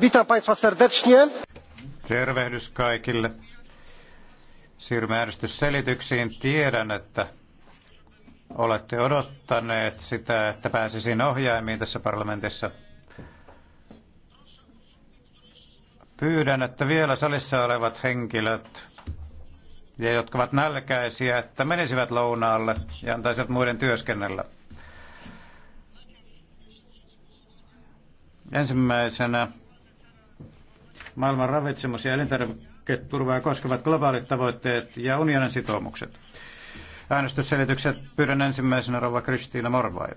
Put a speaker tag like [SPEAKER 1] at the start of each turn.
[SPEAKER 1] Witam Państwa serdecznie.
[SPEAKER 2] Tervehdys kaikille. Siirrymme äänestysselityksiin. Tiedän, että olette odottaneet sitä, että pääsisin ohjaimiin tässä parlamentissa. Pyydän, että vielä salissa olevat henkilöt ja jotka ovat nälkäisiä, että menisivät lounaalle ja antaisivat muiden työskennellä. Ensimmäisenä maailman ravitsemus- ja elintarviketurvaa koskevat globaalit tavoitteet ja unionin sitoumukset. Äänestysselitykset pyydän ensimmäisenä rouva Kristiina Morvai.